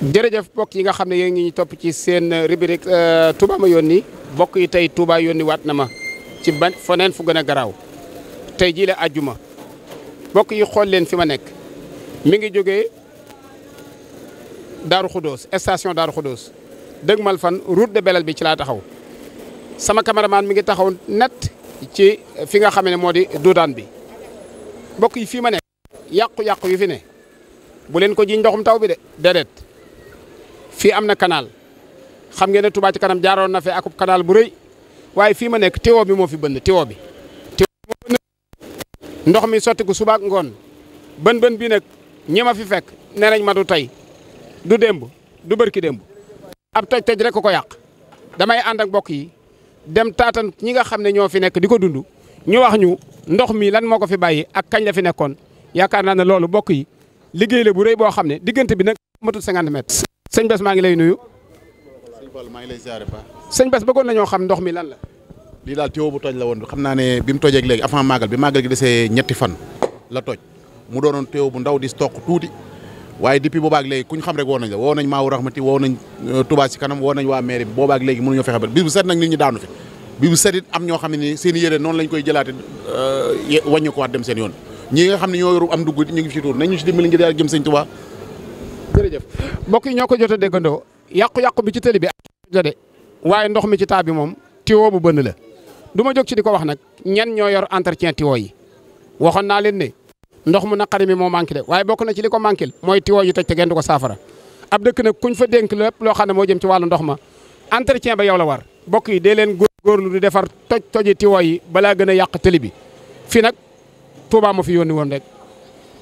jërëjëf mbokk yi nga xam ne yéen ngi ñu topp ci seen rubrique Touba ma yónni mbokk yi tey Touba yónni waat na ma ci ban foneen fu gën a garaaw tey jii la àjjuma mbokk yi xool leen fi ma nekk mi ngi jógee Daaru Xudóos station Daaru Xudóos dëgmal fan route de Belel bi ci laa taxaw sama caméraman mi ngi taxaw net ci fi nga xam ne moo di duudaan bi mbokk yi fii ma nekk yàqu-yàqu yu fi ne bu leen ko ji ndoxum taw bi de déedéet fii am na kanaal xam ngeen ne Touba ci kanam jaaroon na fe akub kanaal bu rëy waaye fii ma nekk tiwo bi moo fi bënd tiwo bi ndox mi sotti ko subaa ngoon bën bën bi nag ñi ma fi fekk nee nañ ma du tey du demb du bërki demb ab toj toj rek ko yàq damay ànd ak mbokk yi dem taatan ñi nga xam ne ñoo fi nekk di ko dund ñu wax ñu ndox mi lan moo ko fi bàyyi ak kañ la fi nekkoon yaakaar naa ne loolu mbokk yi liggéey la bu rëy boo xam ne diggante bi nag matul 50 sëñ Bas maa ngi lay nuyu. sëñ maa ngi lay ziare ba. sëñ Bas bëggoon nañoo xam ndox mi lan la. lii daal tuyau bu toj la woon xam naa ne bi mu tojee léegi avant màggal bi màggal gi desee ñetti fan la toj mu doonoon tuyau bu ndaw di stock tuuti waaye depuis boobaag léegi ku xam rek woo nañ la woo nañ Maawu Rahmati woo nañ euh, Touba ci kanam woo nañ waa mairie bi boobaag léegi mënuñoo fexe ba bis bu set nag nit ñi daanu fi bi bu set am ñoo xam ne ni seen yére noonu lañ koy jëlaate euh, wàññi ko waat dem seen yoon ñi nga xam ne ñoo yoru am ñu ngi fi tuur nañ ñu ci dimbali ngir yàlla jëm jërëjëf mbokk yi ñoo ko jot a déggandoo yàqu-yàqu bi ci tëli bi ak waaye ndox mi ci taa bi moom tiwo bu bënn la du ma jóg ci di ko wax nag ñen ñoo yor entretien tiwo yi waxoon naa leen ne ndox mu naqari mi moo manqué de waaye bokk na ci li ko manqué mooy tiwo yu toj te ngeen du ko saafara ab dëkk nag kuñ fa dénk lépp loo xam ne moo jëm ci wàllu ndox ma entretien ba yow la war mbokk yi dee leen góorgóorlu di defar toj toji tiwo yi balaa gën a yàq tëli bi fii nag Touba ma fi yónni woon rek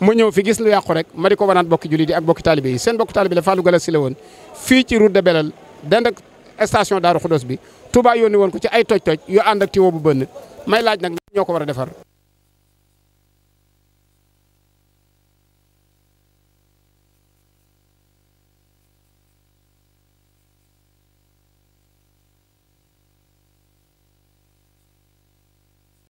mu ñëw fi gis lu yàqu rek ma di ko wanaat bokki jullit yi ak bokki taalibe yi seen bokki taalibe la Fallou Galass si la woon fii ci route de Belel station Daaru Xudos bi Touba yónni woon ko ci ay toj-toj yu ànd ak tiwo bu bënn may laaj nag ñoo ko war a defar